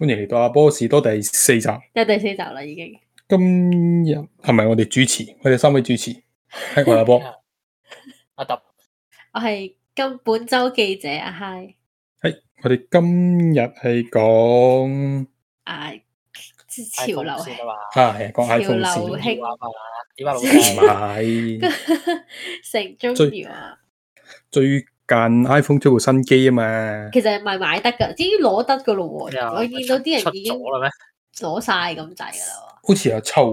歡迎嚟到阿波士多第四集，又第四集啦，已經。今日係咪我哋主持？ 我哋三位主持，係個阿波，阿 揼、啊，我係今本周記者阿 Hi。係係我哋今日係講啊潮流興，係、啊、潮流興，點解老師唔係食粥、 啊、最，最間 iPhone 出部新機啊嘛，其實唔係買得噶，已經攞得噶咯，哎。我見到啲人已經攞晒咁滯噶啦。好似阿抽，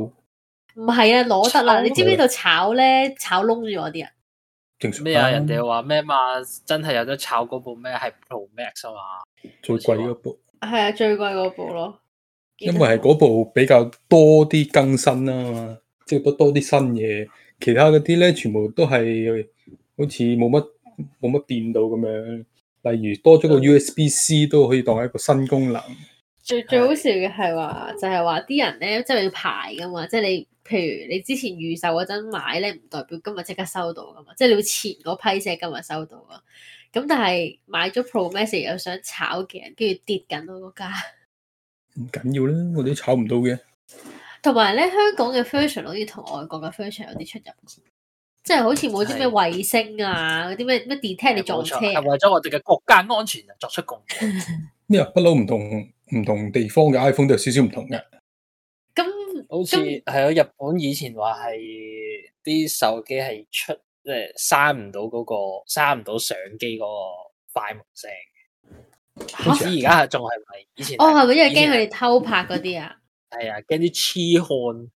唔係啊，攞得啦。你知唔知度炒咧？炒窿咗啲人。咩啊？人哋話咩嘛？真係有得炒嗰部咩係 Pro Max 啊嘛，最貴嗰部。係啊，最貴嗰部咯。因為係嗰部比較多啲更新啦嘛，即係多多啲新嘢。其他嗰啲咧，全部都係好似冇乜。冇乜變到咁樣，例如多咗個 USB C 都可以當係一個新功能。最最好笑嘅係話，就係話啲人咧，即係要排噶嘛，即係你，譬如你之前預售嗰陣買咧，唔代表今日即刻收到噶嘛，即係你會前嗰批先係今日收到啊。咁但係買咗 Pro Message 又想炒嘅人，跟住跌緊咯嗰家。唔緊要啦，我哋都炒唔到嘅。同埋咧，香港嘅 version 好似同外國嘅 version 有啲出入。即係好似冇啲咩衛星啊，嗰啲咩咩 detect 你撞車，係為咗我哋嘅國家安全作出貢獻。咩 啊？不嬲唔同唔同地方嘅 iPhone 都有少少唔同嘅。咁好似係啊！喺日本以前話係啲手機係出即係，閂唔到嗰個閂唔到相機嗰個快門聲。好、啊、似而家仲係咪以前，啊？哦，係咪因為驚佢哋偷拍嗰啲 啊？係啊，驚啲癡漢。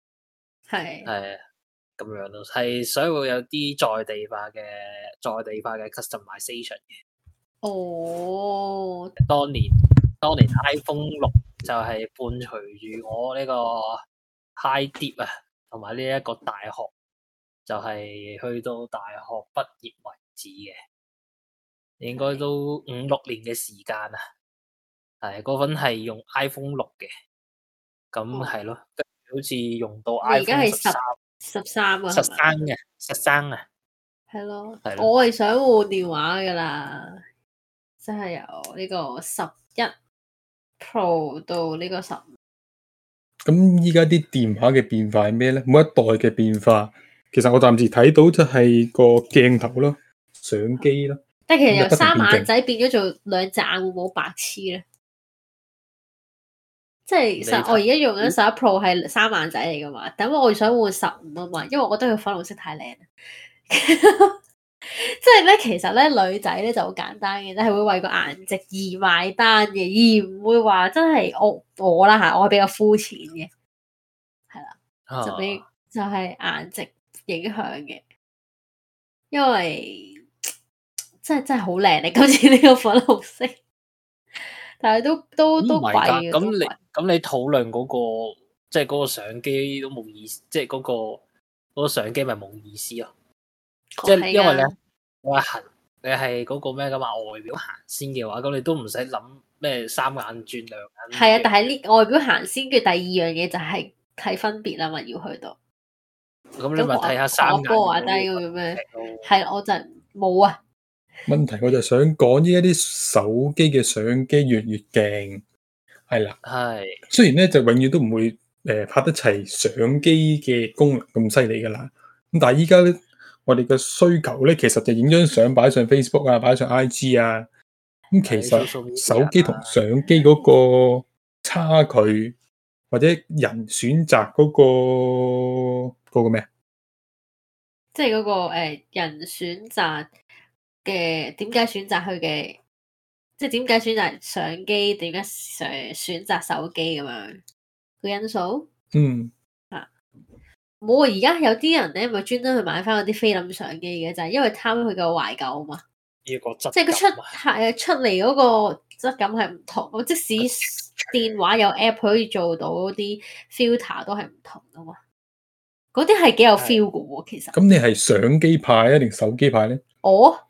係。係啊。咁樣咯，係所以會有啲在地化嘅在地化嘅 customization 嘅。哦，當年當年 iPhone 六就係伴隨住我呢個 high dip 啊，同埋呢一個大學就係去到大學畢業為止嘅，應該都五六年嘅時間啊。係嗰份係用 iPhone 六嘅，咁係咯，好似用到 iPhone 十十三啊，十三嘅，十三啊，係、啊啊、咯，咯，我係想換電話噶啦，即、就、係、是、由呢個十一 Pro 到呢個十五。咁依家啲電話嘅變化係咩咧？每一代嘅變化，其實我暫時睇到就係個鏡頭咯，相機咯。但係其實由三眼仔變咗做兩隻眼，會唔會白痴咧？即係，實我而家用緊十一 Pro 係三萬仔嚟㗎嘛？等、嗯、我想換十五啊嘛，因為我覺得佢粉紅色太靚。 即係呢，其實呢女仔呢就好簡單嘅，咧係會為個顏值而買單嘅，而唔會話真係我我啦吓，我係比較膚淺嘅，係啦，啊、就俾就係、是、顏值影響嘅，因為真係真係好靚，你今次呢個粉紅色。但係都都都貴嘅。咁你咁你討論嗰、嗰個即係嗰個相機都冇意思，即係嗰個嗰、嗰個相機咪冇意思咯。即係因為你、哦、你行，你係嗰個咩噶嘛？外表行先嘅話，咁你都唔使諗咩三眼轉兩眼。係啊，但係呢外表行先嘅第二樣嘢就係睇分別吖嘛。要去到。咁你咪睇下三眼。波低咁樣，係我就冇啊。問題我就想講依家啲手機嘅相機越越勁係啦，係雖然咧就永遠都唔會誒、呃、拍得齊相機嘅功能咁犀利噶啦，咁但係依家咧我哋嘅需求咧，其實就影張相擺上 Facebook 啊，擺上 IG 啊，咁、嗯、其實手機同相機嗰個差距或者人選擇嗰、嗰個嗰、嗰個咩啊，即係嗰個誒、呃、人選擇。嘅點解選擇佢嘅，即係點解選擇相機？點解選選擇手機咁樣嘅因素？嗯，吓冇啊！而家有啲人咧，咪專登去買翻嗰啲菲林相機嘅、這個，就係因為貪佢嘅懷舊啊嘛。呢個質，即係佢出係出嚟嗰個質感係唔同。即使電話有 app 可以做到啲 filter，都係唔同啊嘛。嗰啲係幾有 feel 嘅喎、啊，其實。咁、嗯、你係相機派啊，定手機派咧？我。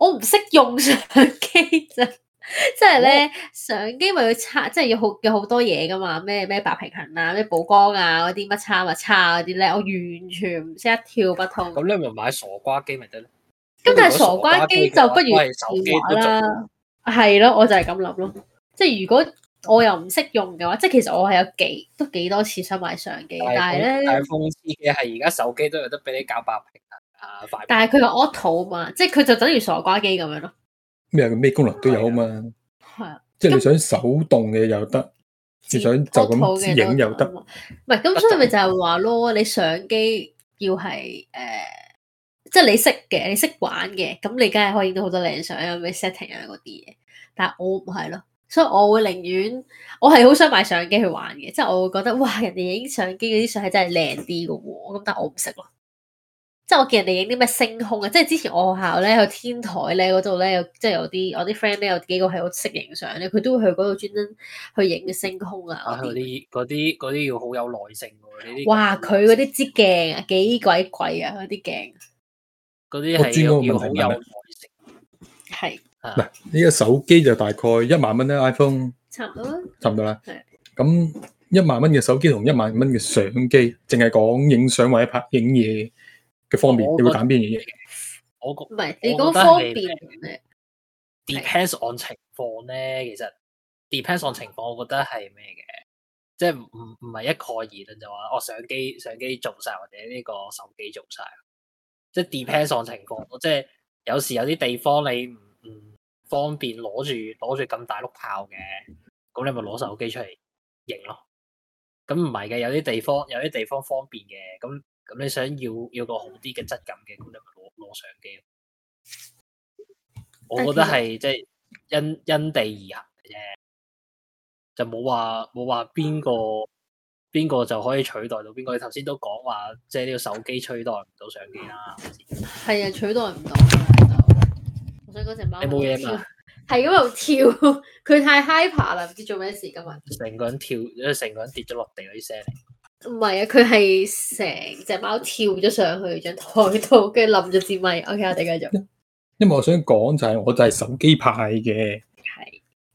我唔識用相機就是，即係咧相機咪要測，即、就、係、是、要好有好多嘢噶嘛，咩咩白平衡啊，咩曝光啊，嗰啲乜叉咪叉嗰啲咧，啊、我完全唔識一竅不通。咁、嗯、你咪買傻瓜機咪得咯？咁但係傻瓜機就不如電話啦，係咯，我就係咁諗咯。即 係如果我又唔識用嘅話，即、就、係、是、其實我係有幾都幾多次想買相機，但係咧，但係諷刺嘅係而家手機都有得俾你搞白平衡但係佢個 auto 嘛，即係佢就等於傻瓜機咁樣咯。咩咩功能都有嘛。係啊，啊，即係你想手動嘅又得，你想就咁影又得。唔係，咁所以咪就係話咯，你相機要係誒、呃，即係你識嘅，你識玩嘅，咁你梗係可以影到好多靚相啊，咩 setting 啊嗰啲嘢。但係我唔係咯，所以我會寧願我係好想買相機去玩嘅，即係我會覺得哇，人哋影相機嗰啲相係真係靚啲噶喎。咁但係我唔識咯。即係我見人哋影啲咩星空啊！即係之前我學校咧有天台咧嗰度咧，有即係有啲我啲 friend 咧有幾個係好識影相咧，佢都會去嗰度專登去影啲星空啊。嗰啲嗰啲嗰啲要好有耐性喎。呢啲哇，佢嗰啲支鏡幾鬼貴啊！嗰啲鏡嗰啲係要好有耐性，係嗱呢個手機就大概一萬蚊啦，iPhone 差唔多，差唔多啦。咁一萬蚊嘅手機同一萬蚊嘅相機，淨係講影相或者拍影嘢嘅方便，你會揀邊嘢？我唔係，你講方便咩？Depends on 情況咧，其實 Depends on 情況，我覺得係咩嘅？即係唔唔係一概而論就話我、哦、相機相機做晒，或者呢個手機做晒，即係 Depends on 情況。即係有時有啲地方你唔唔方便攞住攞住咁大碌炮嘅，咁你咪攞手機出嚟影咯。咁唔係嘅，有啲地方有啲地方方便嘅，咁。咁你想要要個好啲嘅質感嘅，咁就攞攞相機。我覺得係即係因因地而行嘅啫，就冇話冇話邊個邊個就可以取代到邊個。你頭先都講話，即係呢個手機取代唔到相機啦。係啊，取代唔到。所以嗰隻貓，你冇嘢嘛？係喺度跳，佢太 hyper 啦，唔知做咩事噶嘛。成個人跳，成個人跌咗落地嗰啲聲。唔係啊，佢係成隻貓跳咗上去張台度跟住冧咗支咪。OK，我哋繼續。因為我想講就係，我就係手機派嘅，即係、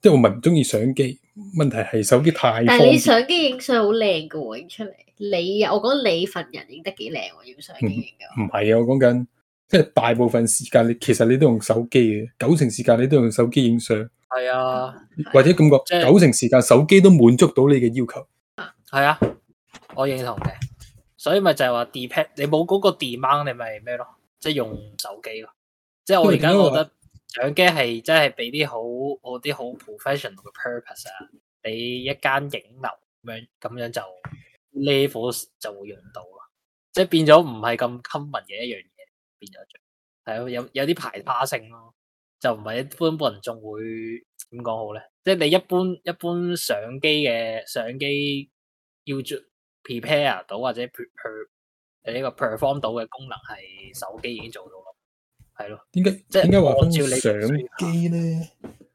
就是、我唔係唔中意相機。問題係手機派。但係你相機影相好靚噶喎，影出嚟。你、說你、嗯、啊，我覺得你份人影得幾靚喎，影相。唔係啊，我講緊即係大部分時間，你其實你都用手機嘅，九成時間你都用手機影相。係啊，或者感覺九成時間手機都滿足到你嘅要求。係啊。我認同嘅，所以咪就係話，depend 你冇嗰個 demand，你咪咩咯？即係用手機咯。即係我而家覺得相機係真係俾啲好，我啲好 professional 嘅 purpose 啊，俾一間影樓咁樣，咁樣就 level 就會用到咯。即係變咗唔係咁 common 嘅一樣嘢，變咗係咯，有有啲排他性咯，就唔係一般般人仲會點講好咧？即係你一般一般相機嘅相機要做 prepare 到或者 p e r 呢個 perform 到嘅功能係手機已經做到咯，係咯。點解即係按照你相機咧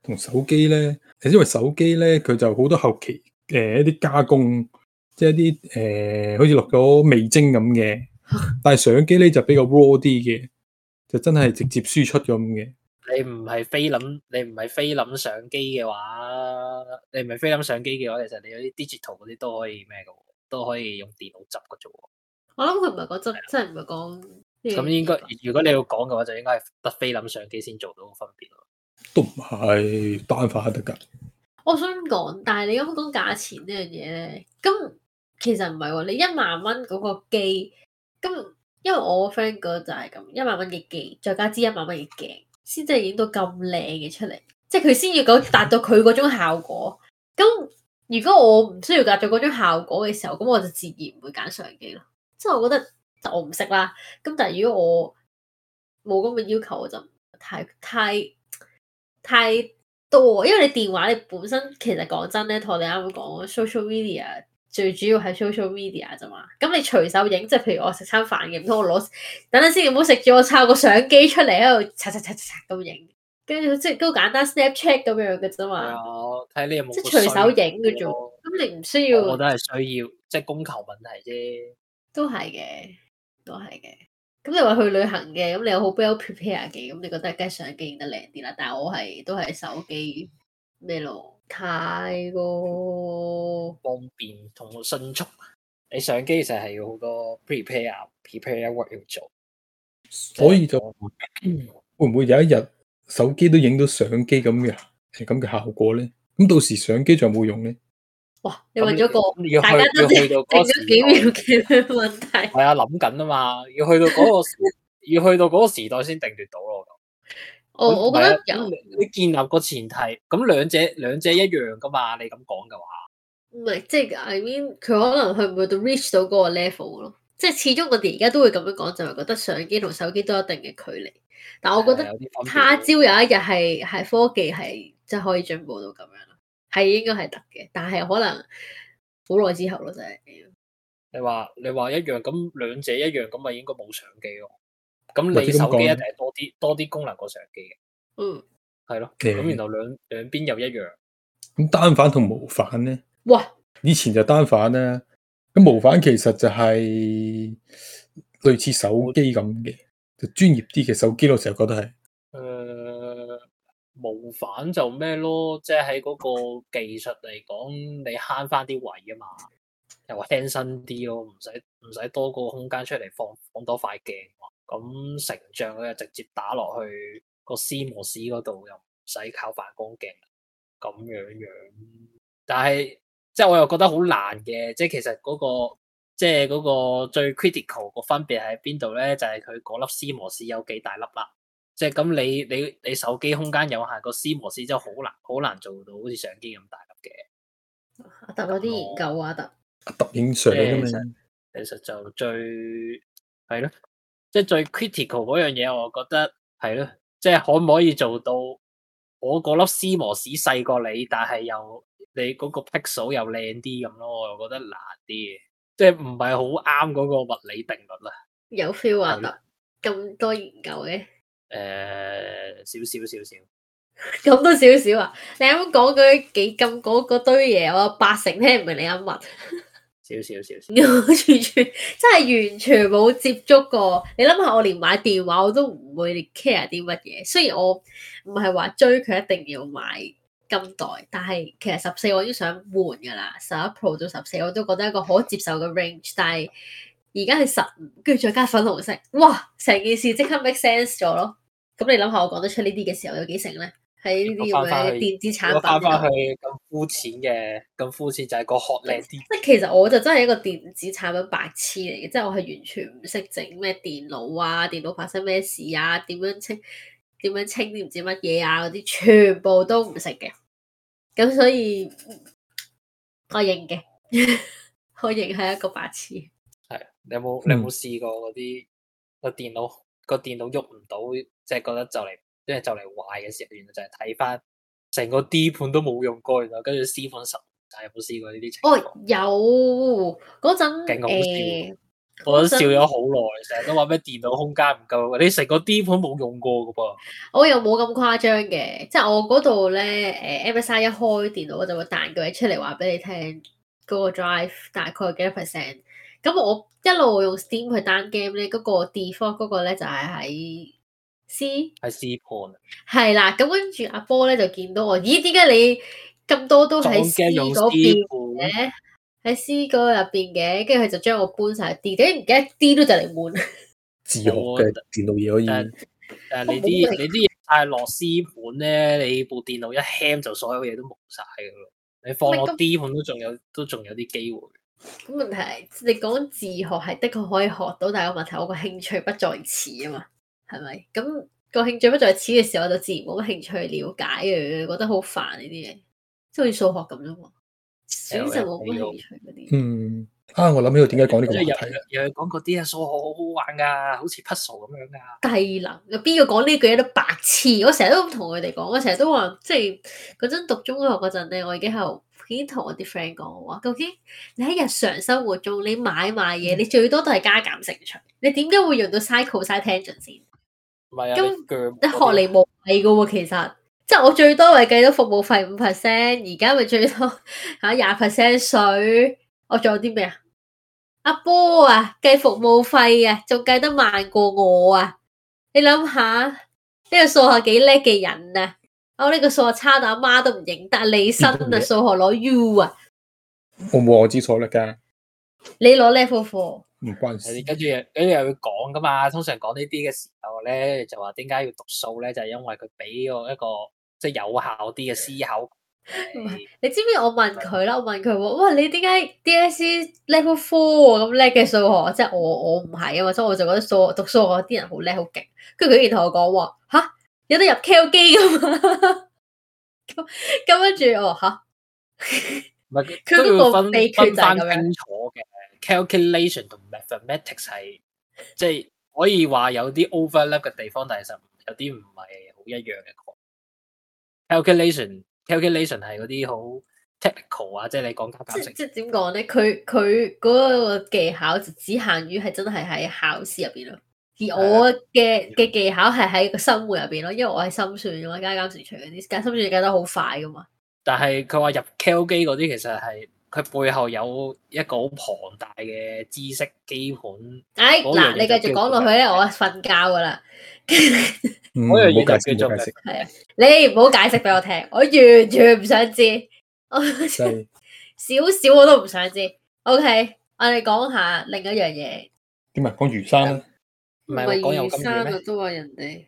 同手機咧？係因為手機咧佢就好多後期誒、呃、一啲加工，即、就、係、是、一啲誒、呃、好似落咗味精咁嘅。但係相機咧就比較 raw 啲嘅，就真係直接輸出咁嘅。你唔係菲林，你唔係菲林相機嘅話，你唔係菲林相機嘅話，其實你有啲 digital 嗰啲都可以咩嘅。都可以用電腦執嘅啫喎，我諗佢唔係講真，真係唔係講。咁應該如果你要講嘅話，就應該係得菲林相機先做到個分別。都唔係單反得噶。我想講，但係你咁講價錢呢樣嘢咧，咁其實唔係喎。你一萬蚊嗰個機，咁因為我 friend 講就係咁，一萬蚊嘅機，再加支一萬蚊嘅鏡，先真係影到咁靚嘅出嚟，即係佢先要講達到佢嗰種效果，咁。如果我唔需要達到嗰種效果嘅時候，咁我就自然唔會揀相機咯。即係我覺得，就我唔識啦。咁但係如果我冇咁嘅要求，我就太太太多。因為你電話，你本身其實講真咧，同我哋啱啱講，social media 最主要係 social media 咋嘛？咁你隨手影，即係譬如我食餐飯嘅，唔通我攞等陣先，唔好食住，我抄個相機出嚟喺度刷刷刷刷咁影。跟住即係都簡單 Snapchat 咁樣嘅啫嘛，係啊，睇你有冇即係隨手影嘅啫。咁你唔需要，我都係需要，即係供求問題啫。都係嘅，都係嘅。咁你話去旅行嘅，咁你有好 bell prepare 嘅，咁你覺得梗係相機影得靚啲啦。但係我係都係手機咩咯？太過方便同迅速。你相機其實係要好多 prepare prepare work 要做，所以就會唔會有一日？手機都影到相機咁嘅，係咁嘅效果咧。咁到時相機仲有冇用咧？哇！你問咗個去大家當時積咗幾秒幾秒問題，係 啊諗緊啊嘛，要去到嗰個時 要去到個時代先定奪到咯。我，哦，我覺得有你建立個前提，咁兩者兩者一樣噶嘛？你咁講嘅話，唔係即係 I mean 佢，可能去唔去到 reach 到嗰個 level 咯。即係始終我哋而家都會咁樣講，就係、是、覺得相機同手機都有一定嘅距離。但我覺得他朝有一日係係科技係即係可以進步到咁樣，係應該係得嘅，但係可能好耐之後咯，就係。你話你話一樣咁兩者一樣咁咪應該冇相機咯，咁你手機一定多啲多啲功能過相機嘅，嗯，係咯，咁然後兩兩邊又一樣，咁單反同無反咧，哇，以前就單反啦，咁無反其實就係類似手機咁嘅。專業啲嘅手機，我成日覺得係，誒、呃，無反就咩咯，即係喺嗰個技術嚟講，你慳翻啲位啊嘛，又輕身啲咯，唔使唔使多個空間出嚟放放多塊鏡，咁成像佢又直接打落去個 C 模式嗰度，又唔使靠反光鏡，咁樣樣。但係即係我又覺得好難嘅，即係其實嗰、嗰個。即係嗰個最 critical 個分別喺邊度咧？就係佢嗰粒 C 模式有幾大粒啦。即係咁，你你你手機空間有限，個 C 模式就好難好難做到好似相機咁大粒嘅。我揼咗啲研究啊，揼。揼影相咁樣。其實就最係咯。即係最 critical 嗰樣嘢，我覺得係咯。即係可唔可以做到我嗰粒 C 模式細過你，但係又你嗰個 pixel 又靚啲咁咯？我又覺得難啲嘅。即係唔係好啱嗰個物理定律啊？有 feel 啊？咁多研究嘅？誒、呃，少少少少，咁多少少啊？你啱講嗰幾咁嗰堆嘢，我八成聽唔明你啱問。少少少少， 全全完全真係完全冇接觸過。你諗下，我連買電話我都唔會 care 啲乜嘢。雖然我唔係話追佢一定要買金代，但係其實十四我都想換噶啦，十一 Pro 到十四我都覺得一個可接受嘅 range，但係而家係十五，跟住再加粉紅色，哇！成件事即刻 make sense 咗咯。咁你諗下，我講得出呢啲嘅時候有幾成咧？喺呢啲咁嘅電子產品翻翻去咁膚淺嘅，咁膚淺就係個殼靚啲。即係其實我就真係一個電子產品白痴嚟嘅，即、嗯、係、就是、我係完全唔識整咩電腦啊，電腦發生咩事啊，點樣清點樣清唔知乜嘢啊嗰啲，全部都唔識嘅。咁所以我認嘅，我認係 一個白痴。係，你有冇、嗯、你有冇試過嗰啲、個電腦個電腦喐唔到，即、就、係、係、覺得就嚟即係就嚟壞嘅時候，原來就係睇翻成個 D 盤都冇用過，原來跟住 C 盤十，就係有冇試過呢啲情況？哦，有嗰陣勁。我都笑咗好耐，成日都話咩電腦空間唔夠，你成個 D 盤冇用過噶噃？我又冇咁誇張嘅，即係我嗰度咧，誒，M S I 一開電腦我就會彈個嘢出嚟話俾你聽，嗰個 drive 大概幾多 percent。咁我一路用 Steam 去 down game 咧，嗰個 default 嗰個咧就係喺 C，喺 C 盤。係啦，咁跟住阿波咧就見到我，咦？點解你咁多都喺 C 嗰邊咧？喺詩歌入邊嘅，跟住佢就將我搬晒啲，點解唔記得一啲都就嚟悶。自學嘅電腦嘢可以，但係你啲你啲晒螺絲盤咧，你部電腦一 hang 就所有嘢都冇晒噶咯。你放落啲盤都仲有，都仲有啲機會。咁問題係，你講自學係的確可以學到，但係個問題，我個興趣不在此啊嘛，係咪？咁個興趣不在此嘅時候，我就自然冇乜興趣去了解啊，覺得好煩呢啲嘢，即係好似數學咁樣。小時候好有趣嗰啲，嗯啊，我諗起佢點解講呢句嘢，又講嗰啲啊，數學好好玩噶、啊，好似 puzzle 咁樣噶、啊。低能，有邊個講呢句嘢都白痴。我成日都咁同佢哋講，我成日都話，即係嗰陣讀中學嗰陣咧，我已經喺度已經同我啲 friend 講話，究竟你喺日常生活中，你買買嘢、嗯，你最多都係加減乘除，你點解會用到 cycle、c i e tangent 先？唔係啊，咁你學嚟冇計噶喎，其實、啊。即係我最多係計到服務費五 percent，而家咪最多吓廿 percent 水。我仲有啲咩啊？阿波啊，計服務費啊，仲計得慢過我啊！你諗下呢個數學幾叻嘅人啊？我、哦、呢、這個數學差到阿媽都唔認得，李生啊，數學攞 U 啊！我冇，我知錯啦噶。你攞叻科課唔關事，跟住跟住又,又要講噶嘛？通常講呢啲嘅時候咧，就話點解要讀數咧？就係、因為佢俾我一個。即係有效啲嘅思考。唔、嗯、係，你知唔知我問佢啦？我問佢話：，哇，你點解 DSE level four 咁叻嘅數學？即係我我唔係啊嘛，所以我就覺得數學讀數學啲人好叻好勁。然跟住佢而同我講話：，嚇，有得入 calculator 嘛。咁 跟住我吓，唔係佢都要分 都就樣分翻清楚嘅 calculation 同 mathematics 係、即、就、係、是、可以話有啲 overlap 嘅地方，但係實有啲唔係好一樣嘅 calculation calculation 係嗰啲好 technical 啊，即係你講即即點講咧？佢佢嗰個技巧就只限於係真係喺考試入邊咯。而我嘅嘅技巧係喺個生活入邊咯，因為我係心算咁啊，我加減乘除嗰啲心算計得好快噶嘛。但係佢話入 calculator 嗰啲其實係。佢背後有一個好龐大嘅知識基本。哎，嗱，你繼續講落去咧，我瞓覺噶啦。唔好又冇解釋，冇解釋。係啊，你唔好解釋俾我聽， 我完全唔想知，我少少我都唔想知。OK，我哋講下另一樣嘢。點啊？講魚生啦，唔係講魚生啊？都話人哋，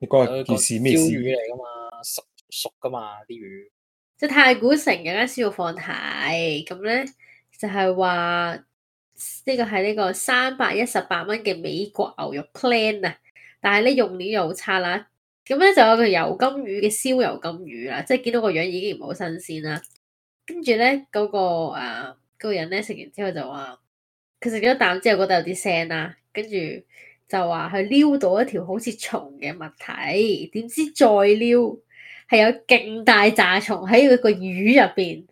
你講係件事咩事？魚嚟噶嘛，熟熟噶嘛啲魚。即係太古城有間燒肉放題，咁咧就係話呢個係呢個三百一十八蚊嘅美國牛肉 plan 啊，但係咧用料又好差啦。咁咧就有個油甘魚嘅燒油甘魚啦，即係見到個樣已經唔好新鮮啦。跟住咧嗰個誒、啊嗰個人咧食完之後就話佢食咗啖之後覺得有啲腥啦，跟住就話佢撩到一條好似蟲嘅物體，點知再撩？係有勁大炸蟲喺佢個魚入邊，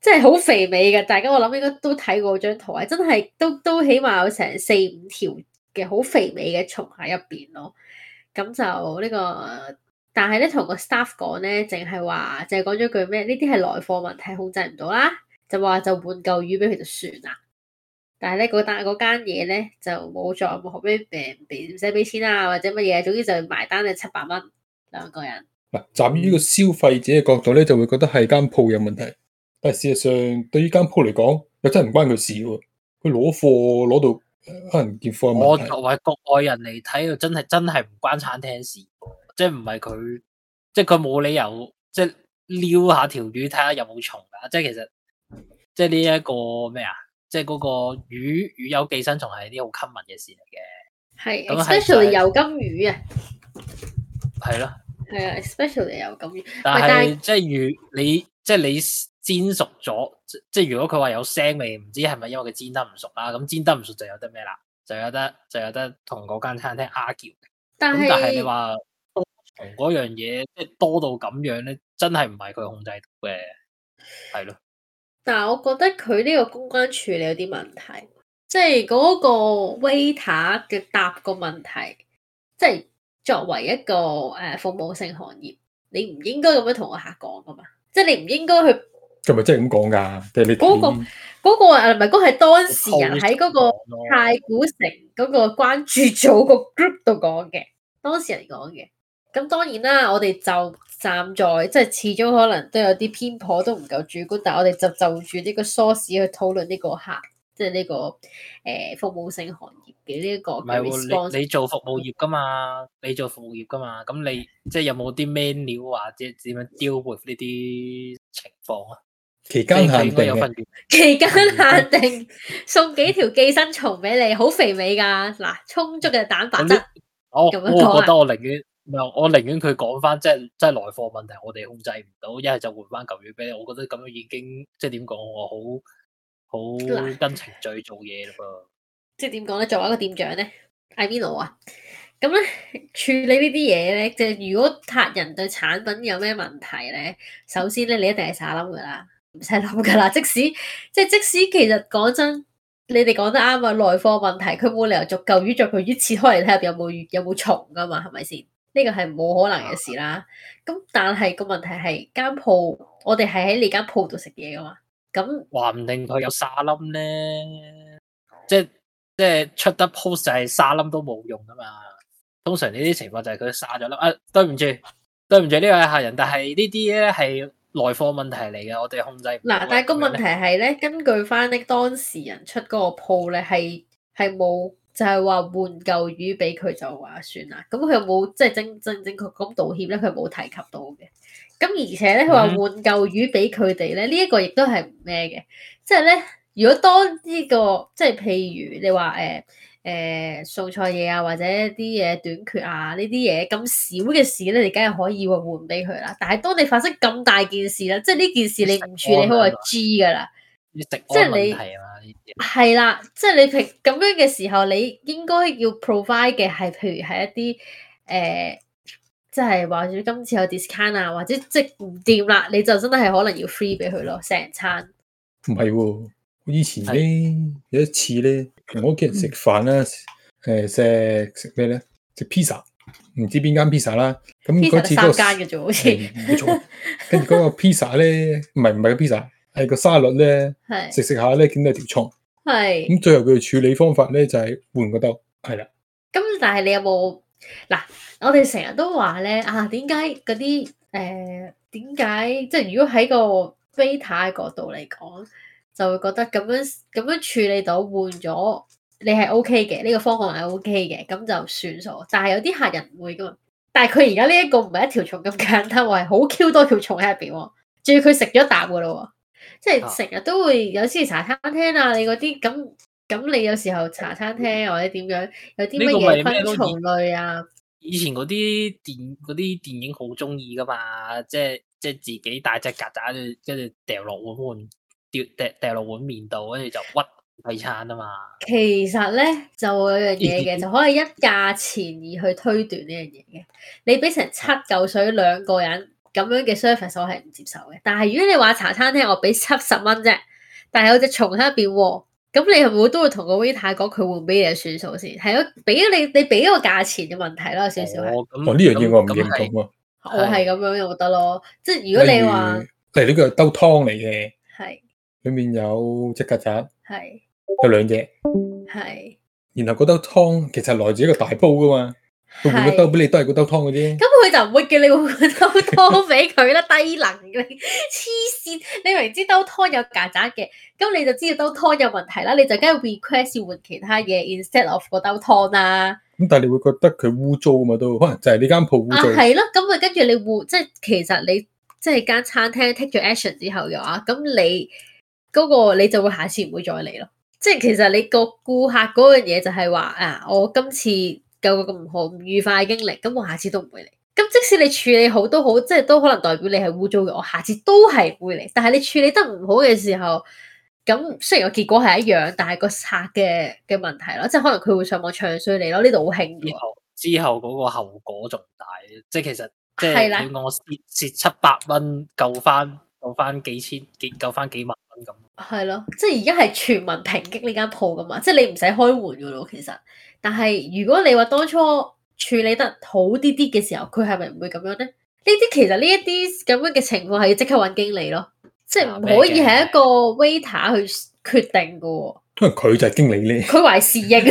即係好肥美嘅。大家我諗應該都睇過張圖啊，真係都都起碼有成四五條嘅好肥美嘅蟲喺入邊咯。咁就呢、呢個，但係咧同個 staff 講咧，淨係話淨係講咗句咩？呢啲係來貨問題，控制唔到啦，就話就換嚿魚俾佢就算啦。但係咧嗰單嗰間嘢咧就冇咗，冇俾誒、俾唔使俾錢啊，或者乜嘢，總之就埋單係七百蚊兩個人。嗱，站於呢個消費者嘅角度咧，就會覺得係間鋪有問題。但係事實上對於鋪，對呢間鋪嚟講，又真係唔關佢事喎。佢攞貨攞到可能件貨有問題。我同埋國外人嚟睇，又真係真係唔關餐廳事，即係唔係佢，即係佢冇理由，即係撩下條魚睇下有冇蟲噶。即係其實，即係呢一個咩啊？即係嗰個魚魚有寄生蟲係啲好 common 嘅事嚟嘅。係 especially 油甘魚啊。係咯。係啊，especially 又咁但係即係如你即係你煎熟咗，即係如果佢話有腥味，唔知係咪因為佢煎得唔熟啦？咁煎得唔熟就有得咩啦？就有得就有得同嗰間餐廳拗撬。但係，但係你話同嗰樣嘢即係多到咁樣咧，真係唔係佢控制到嘅，係咯？但係我覺得佢呢個公關處理有啲問題，即係嗰個 waiter 嘅答個問題，即係。作為一個誒、呃、服務性行業，你唔應該咁樣同我客講噶嘛，即係、就是、你唔應該去、那個。係咪即係咁講噶？嗰、那個嗰、那個誒唔係嗰個係當事人喺嗰個太古城嗰個關注組個 group 度講嘅，當事人講嘅。咁當然啦，我哋就站在即係、就是、始終可能都有啲偏頗，都唔夠主觀，但係我哋就就住呢個 source 去討論呢個客，即係呢個誒、呃、服務性行業。唔、這、係、個啊、你你做服務業噶嘛？你做服務業噶嘛？咁你即係有冇啲 menu 或者點樣 deal with 呢啲情況啊？期間限、限定，期間限定 送幾條寄生蟲俾你，好肥美噶嗱，充足嘅蛋白質。我樣、啊、我會覺得我寧願我寧願佢講翻，即係即係來貨問題，我哋控制唔到，一係就換翻嚿魚俾你。我覺得咁樣已經即係點講，我好好跟程序做嘢噃。 即係點講咧？作為一個店長咧，係邊度啊？咁咧處理呢啲嘢咧，即係如果客人對產品有咩問題咧，首先咧你一定係沙冧噶啦，唔使諗噶啦。即使即係即使其實講真，你哋講得啱啊，來貨問題佢冇理由逐舊魚逐舊魚切開嚟睇下有冇魚有冇蟲噶嘛，係咪先？呢個係冇可能嘅事啦。咁但係個問題係間鋪，我哋係喺你間鋪度食嘢噶嘛。咁話唔定佢有沙冧咧，即係。即係出得 post 就係沙冧都冇用噶嘛，通常呢啲情況就係佢沙咗冧。啊，對唔住，對唔住呢位客人，但係呢啲咧係來貨問題嚟嘅，我哋控制唔到。嗱，但係個問題係咧，根據翻呢當事人出嗰個 post 咧，係係冇就係、是、話換舊魚俾佢就話算啦。咁佢又冇即係正正正確咁道歉咧？佢冇提及到嘅。咁而且咧，佢話換舊魚俾佢哋咧，呢、嗯、一、這個亦都係唔咩嘅。即係咧。如果當呢、這個即係譬如你話誒誒，送錯嘢啊，或者啲嘢短缺啊呢啲嘢咁少嘅事咧，你梗係可以換俾佢啦。但係當你發生咁大件事咧，即係呢件事你唔處理好、啊，我知噶啦。即係你係啦，即係 你平咁樣嘅時候，你應該要 provide 嘅係譬如係一啲誒，即係話住今次有 discount 啊，或者即唔掂啦，你就真係可能要 free 俾佢咯，成餐唔係喎。以前咧有一次咧，同屋企人食飯啦，誒食食咩咧？食 pizza 唔知邊間 pizza 啦。咁嗰次、那個、都係三間嘅啫，好似。冇、嗯、錯。跟住嗰個 pizza 咧，唔係唔係個 pizza，係個沙律咧，食食下咧見到條蟲。係。咁、嗯、最後佢嘅處理方法咧，就係、是、換個兜，係啦。咁但係你有冇嗱？我哋成日都話咧啊，點解嗰啲誒？點、呃、解即係如果喺個 beta 角度嚟講？就會覺得咁樣咁樣處理到換咗，你係 O K 嘅，呢個方案係 O K 嘅，咁就算數。但係有啲客人唔會噶嘛，但係佢而家呢一個唔係一條蟲咁簡單，我係好 Q 多條蟲喺入邊。仲要佢食咗啖噶啦，即係成日都會有啲茶餐廳啊，你嗰啲咁咁，你有時候茶餐廳或者點樣有啲乜嘢昆蟲類啊。以前嗰啲電啲電影好中意噶嘛，即係即係自己大隻曱甴跟住掉落碗碗。就是掉掉落碗面度，跟住就屈快餐啊嘛。其實咧就有樣嘢嘅，就可以一價錢而去推斷呢樣嘢嘅。你俾成七嚿水兩個人咁、嗯、樣嘅 service，我係唔接受嘅。但係如果你話茶餐廳，我俾七十蚊啫，但係有隻蟲喺入邊，咁你會唔會都會同個 waiter 講佢換俾嘢算數先？係咯，俾咗你，你俾個價錢嘅問題啦，少少係。我呢樣嘢我唔認同啊。我係咁樣又覺得咯，即係如果你話，誒呢個兜湯嚟嘅，係。裏面有隻曱甴，係有兩隻，係。然後嗰兜湯其實來自一個大煲噶嘛，換嗰兜俾你都係嗰兜湯嗰啲。咁佢就唔會叫你換嗰兜湯俾佢啦， 低能嘅，黐線！你明知兜湯有曱甴嘅，咁你就知道兜湯有問題啦，你就梗要 request 換其他嘢，instead of 嗰兜湯啦。咁但係你會覺得佢污糟啊嘛，都可能就係呢間鋪污糟。啊，係咯，咁咪跟住你換，即係其實你即係間餐廳 take 咗 action 之後嘅話，咁你。嗰個你就會下次唔會再嚟咯，即係其實你個顧客嗰樣嘢就係話啊，我今次夠個咁唔好唔愉快嘅經歷，咁我下次都唔會嚟。咁即使你處理好都好，即係都可能代表你係污糟嘅，我下次都係會嚟。但係你處理得唔好嘅時候，咁雖然個結果係一樣，但係個殺嘅嘅問題咯，即係可能佢會上網唱衰你咯。呢度好輕嘅。之後嗰個後果仲大，即係其實即係我蝕蝕七百蚊，救翻救翻幾千，幾救翻幾萬。係咯，即係而家係全民抨擊呢間鋪噶嘛，即係你唔使開門噶咯。其實，但係如果你話當初處理得好啲啲嘅時候，佢係咪唔會咁樣咧？呢啲其實呢一啲咁樣嘅情況係要即刻揾經理咯，即係唔可以係一個 waiter 去決定噶。因為佢就係經理咧，佢為侍應，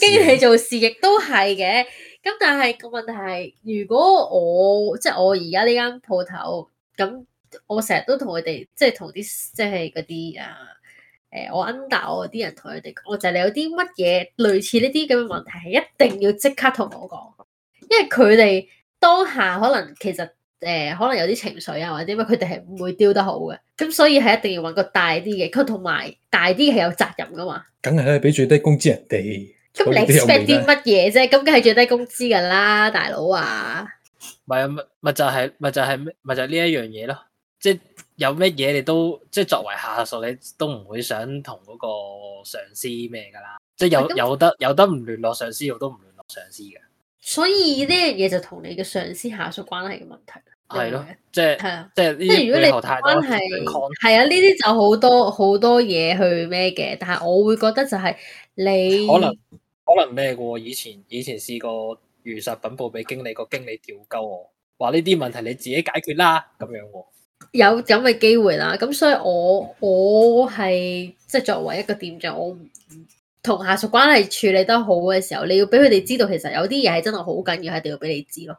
經理做侍應亦都係嘅。咁但係個問題係，如果我即係我而家呢間鋪頭咁。我成日都同佢哋，即係同啲，即係嗰啲啊，誒、呃，我 under 我啲人同佢哋講，我就係你有啲乜嘢類似呢啲咁嘅問題，係一定要即刻同我講，因為佢哋當下可能其實誒、呃，可能有啲情緒啊，或者乜，佢哋係唔會丟得好嘅。咁所以係一定要揾個大啲嘅，佢同埋大啲係有責任噶嘛。梗係咧，俾最低工資人哋。咁你 expect 啲乜嘢啫？咁梗係最低工資噶啦，大佬啊。係啊，咪就係咪就係咪就呢一樣嘢咯。即係有咩嘢你都即係作為下屬，你都唔會想同嗰個上司咩噶啦。即係有有得有得唔聯絡上司，我都唔聯絡上司嘅。所以呢樣嘢就同你嘅上司下屬關係嘅問題。係、嗯、咯，即係係啊，即係呢啲。即係如果你關係係啊，呢啲就好多好多嘢去咩嘅。但係我會覺得就係你可能可能咩嘅。以前以前試過如實稟報俾經理、嗰個經理調鳩我，話呢啲問題你自己解決啦，咁樣。有咁嘅機會啦，咁所以我我係即係作為一個店長，我同下屬關係處理得好嘅時候，你要俾佢哋知道，其實有啲嘢係真係好緊要，係一定要俾你知咯。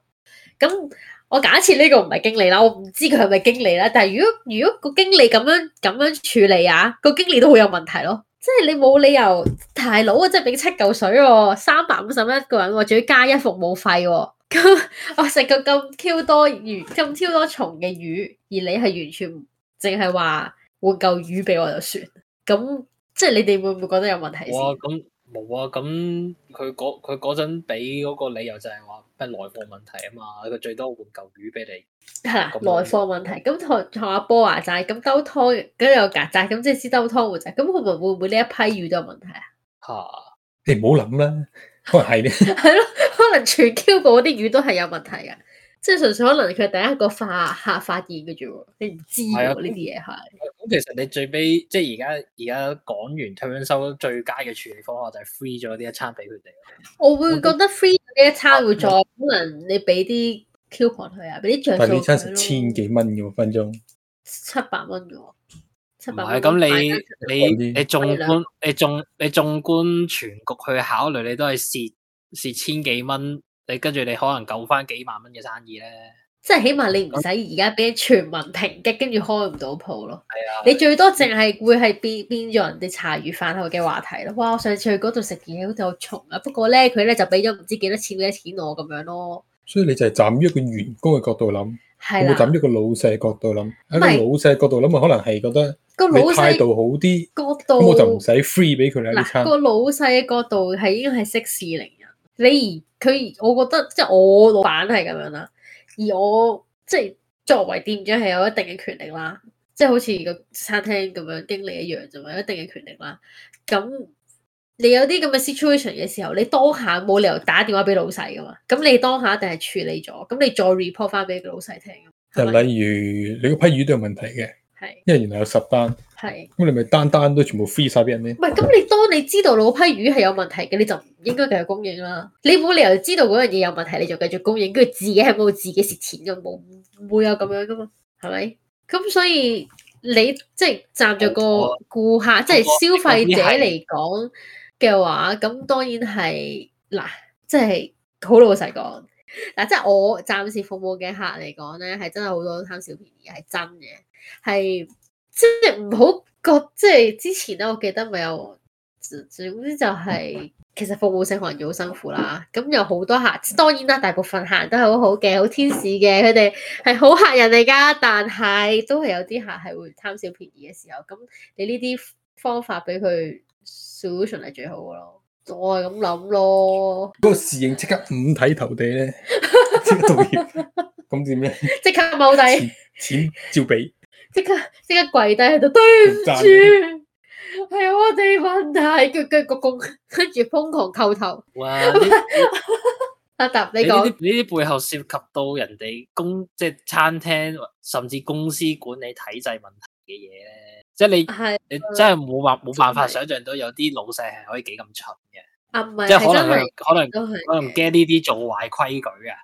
咁我假設呢個唔係經理啦，我唔知佢係咪經理啦，但係如果如果個經理咁樣咁樣處理啊，個經理都好有問題咯。即係你冇理由大佬啊，即係俾七嚿水喎，三百五十蚊一個人喎，仲要加一服務費喎。咁 我食過咁超多魚，咁超多蟲嘅魚，而你係完全淨係話換嚿魚俾我就算。咁即係你哋會唔會覺得有問題？哇！咁冇啊！咁佢嗰佢嗰陣俾嗰個理由就係話咩內部問題啊嘛，佢最多換嚿魚俾你。係啦，來貨問題。咁同阿波話齋，咁兜湯跟住有曱甴，咁即係先兜湯換仔。咁會會唔會呢一批魚都有問題啊？吓，你唔好諗啦。可能係咧，係咯，可能全 Q 過啲魚都係有問題嘅，即係純粹可能佢係第一個發發發現嘅啫喎，你唔知呢啲嘢係。咁其實你最尾，即係而家而家講完，退返收最佳嘅處理方法就係、是、free 咗呢一餐俾佢哋。我會覺得 free 呢一餐會做可能你俾啲 coupon 佢啊，俾啲賬數。但係你餐食千幾蚊嘅嘛，分鐘七百蚊嘅。唔係咁，你你你縱觀你縱你縱觀全局去考慮，你都係蝕蝕千幾蚊，你跟住你可能救翻幾萬蚊嘅生意咧。即係起碼你唔使而家俾全民抨擊，跟住開唔到鋪咯。係啊，你最多淨係會係變變咗人哋茶餘飯後嘅話題咯。哇！我上次去嗰度食嘢，好似有蟲啊。不過咧，佢咧就俾咗唔知幾多錢幾多錢我咁樣咯。所以你就係站於一個員工嘅角度諗。是我揀呢個老細角度諗，喺個老細角度諗啊，可能係覺得個老細態度好啲，角度我就唔使 free 俾佢啦。嗰個老細嘅角度係應該係息事寧人，你而佢，我覺得即係我老闆係咁樣啦。而我即係作為店長係有一定嘅權力啦，即係好似個餐廳咁樣經理一樣就話，有一定嘅權力啦。咁。你有啲咁嘅 situation 嘅時候，你當下冇理由打電話俾老細噶嘛？咁你當下一定係處理咗，咁你再 report 翻俾個老細聽。就例如你嗰批魚都有問題嘅，係，因為原來有十單，係，咁你咪單單都全部 freeze 晒俾人咩？唔係，咁你當你知道嗰批魚係有問題嘅，你就唔應該繼續供應啦。你冇理由知道嗰樣嘢有問題，你就繼續供應，跟住自己係冇自己蝕錢咁冇唔會有咁樣噶嘛，係咪？咁所以你即係站住個顧客，即係、就是、消費者嚟講。嘅話，咁當然係嗱，即係好老實講，嗱，即係我暫時服務嘅客嚟講咧，係真係好多貪小便宜的，係真嘅，係即係唔好覺，即係之前咧，我記得咪有，總之就係、是、其實服務性行業好辛苦啦。咁有好多客，當然啦，大部分客人都係好好嘅，好天使嘅，佢哋係好吓人嚟噶，但係都係有啲客係會貪小便宜嘅時候，咁你呢啲方法俾佢。solution 係最好嘅咯，再係咁諗咯。個侍應即刻五體投地咧，即刻道歉，咁點咧？即刻踎低，錢照俾，即刻即刻跪低喺度，對唔住，係我哋問題，跟跟個公跟住瘋狂叩頭。哇！阿 、啊、達你講呢啲背後涉及到人哋公即係餐廳甚至公司管理體制問題嘅嘢咧。即係你係，你真係冇辦冇辦法想象到有啲老細係可以幾咁蠢嘅、啊，即係可能佢可能可能驚呢啲做壞規矩嘅、啊，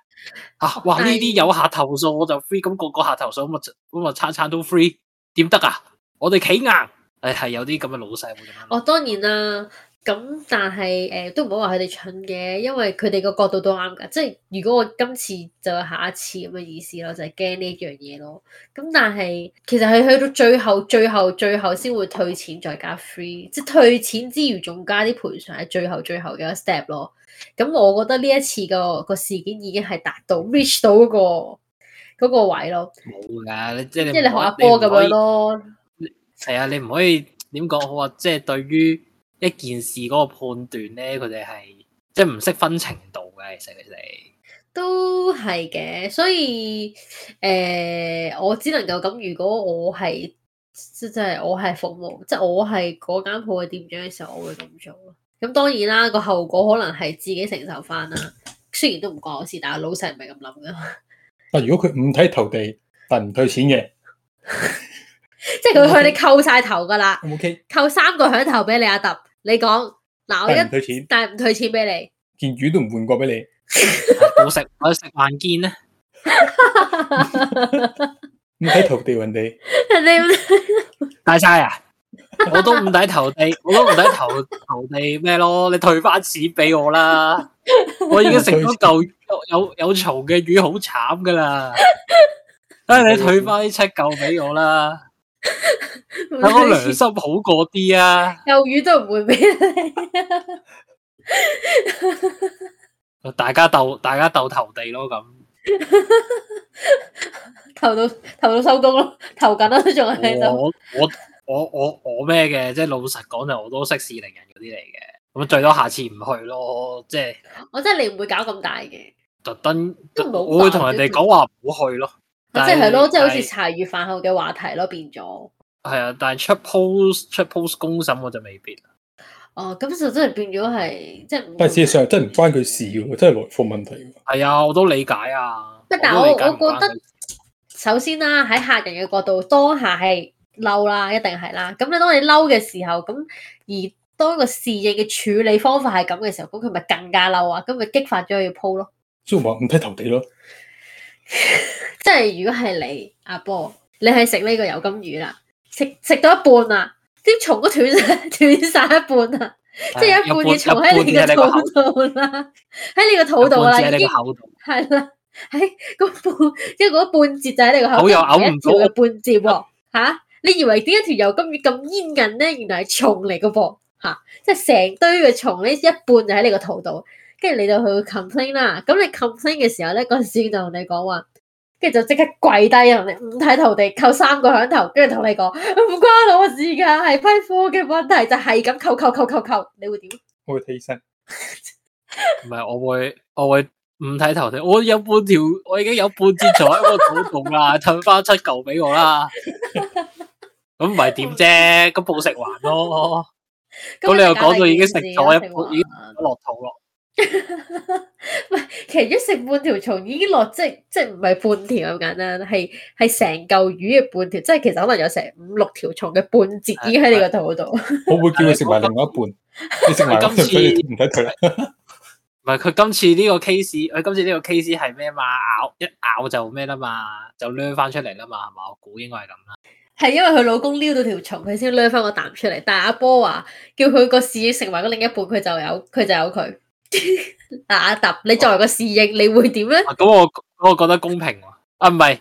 啊，哇呢啲有客投訴我就 free，咁個個客投訴咁我咁我餐餐都 free，點得啊？我哋企硬，誒、哎、係有啲咁嘅老細會咁樣。哦，當然啦、啊。咁但係誒，都唔好話佢哋蠢嘅，因為佢哋個角度都啱噶。即係如果我今次就有下一次咁嘅意思咯，我就係驚呢一樣嘢咯。咁但係其實係去到最後、最後、最後先會退錢再加 free，即係退錢之餘仲加啲賠償喺最後、最後嘅一 step 咯。咁我覺得呢一次個個事件已經係達到 reach 到嗰個嗰個位咯。冇噶，你即係即係你學阿波咁樣咯。係啊，你唔可以點講好啊？即係對於。一件事嗰個判斷咧，佢哋係即係唔識分程度嘅，其實佢哋都係嘅。所以誒、呃，我只能夠咁。如果我係即係即係我係服務，即係我係嗰間鋪嘅店長嘅時候，我會咁做。咁當然啦，個後果可能係自己承受翻啦。雖然都唔關我事，但係老細唔係咁諗㗎。但如果佢五體投地，但唔退錢嘅， 即係佢佢你扣晒頭㗎啦。O K，扣三個響頭俾你阿揼。你講嗱，我一但係唔退錢俾你，件魚都唔換過俾你，我食我食還見咧，唔抵投地人哋，人哋 大晒啊！我都唔抵投地，我都唔抵投投地咩咯？ 你退翻錢俾我啦， 我已經食咗舊有有有蟲嘅魚，好慘噶啦，唉， 你退翻啲七舊俾我啦。 睇我良心好過啲啊！魷魚，都唔會俾你、啊 大家鬥，大家鬥，大家鬥投地咯，咁 投到投到收工咯，投緊都仲係。我我我我我咩嘅？即係老實講就我都息事寧人嗰啲嚟嘅，咁最多下次唔去，去咯。啊、即係我真係你唔會搞咁大嘅，特登我會同人哋講話唔好去咯。即係係咯，即係好似茶餘飯後嘅話題咯，變咗。係啊，但係出 post 出 post 公審我就未必了哦，咁就真係變咗係即係，但係事實上真係唔關佢事嘅、嗯，真係來貨問題。係啊，我都理解啊。但係我我，我覺得首先啦、啊，喺客人嘅角度當下係嬲啦，一定係啦。咁你當你嬲嘅時候，咁而當個侍應嘅處理方法係咁嘅時候，咁佢咪更加嬲啊？咁咪激發咗佢 po 咯，即係唔踢頭地咯。 即係如果係你阿波，你係食呢個油甘魚啦。食食到一半啦，啲蟲都斷斷晒一半啦，即係一半嘅蟲喺你嘅肚度啦，喺你個肚度啦，已經係啦，喺個、哎、半即係嗰半截就喺你個口度嘅嘢，有半截喎，吓、啊啊？你以為點解條油甘魚咁煙韌咧？原來係蟲嚟嘅噃，吓、啊！即係成堆嘅蟲呢，一半就喺你個肚度，跟住你就去佢 complain 啦。咁你 complain 嘅時候咧，嗰陣時就同你講話。跟住就即刻跪低，五體投地，扣三個響頭，跟住同你講唔關我事㗎，係批貨嘅問題，就係咁扣，扣扣扣扣扣，你會點？我會起身，唔 係我會我會五體投地，我有半條，我已經有半截彩， 痛啊，我好凍噶，褪翻出嚿俾我啦，咁唔係點啫？咁補食還咯，咁 你又講到已經食咗 一半，已經落肚咯。 唔 其實一食半條蟲已經落即即係唔係半條咁簡單，係係成嚿魚嘅半條，即係其實可能有成五六條蟲嘅半截已經喺你個肚度、啊啊。我會叫佢食埋另外一半，你食埋佢，唔得佢啦。唔係，佢今次呢個 case，佢今次呢個 case 係咩嘛？咬一咬就咩啦嘛，就孭翻出嚟啦嘛，係嘛？我估應該係咁啦。係因為佢老公撩到條蟲，佢先孭翻個啖出嚟。但阿波話叫佢個屎食埋咗另一半，佢 就，就，就有佢就有佢。阿揼，你作為個侍應，你會點咧？咁我，我覺得公平喎。啊，唔係，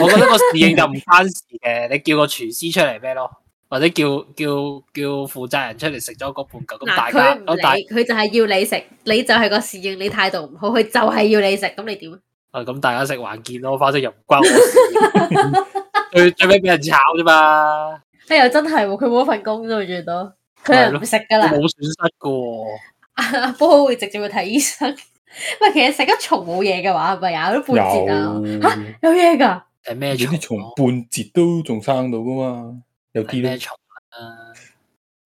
我覺得個侍應就唔關事嘅。你叫個廚師出嚟咩咯？或者叫叫叫負責人出嚟食咗個半嚿。咁大家，我但佢就係要你食，你就係個侍應，你態度唔好，佢就係要你食。咁你點啊？啊，咁大家食還見咯，反正又唔關我事。最最尾俾人炒啫嘛。哎呀，真係喎，佢冇一份工啫嘛，最多佢係唔食噶啦，冇損失噶。 阿波會直接去睇醫生， 唔係其實食咗蟲冇嘢嘅話，咪有啲半截啊，有嘢噶？係咩蟲？啊、半截都仲生到噶嘛？有啲咩蟲啊？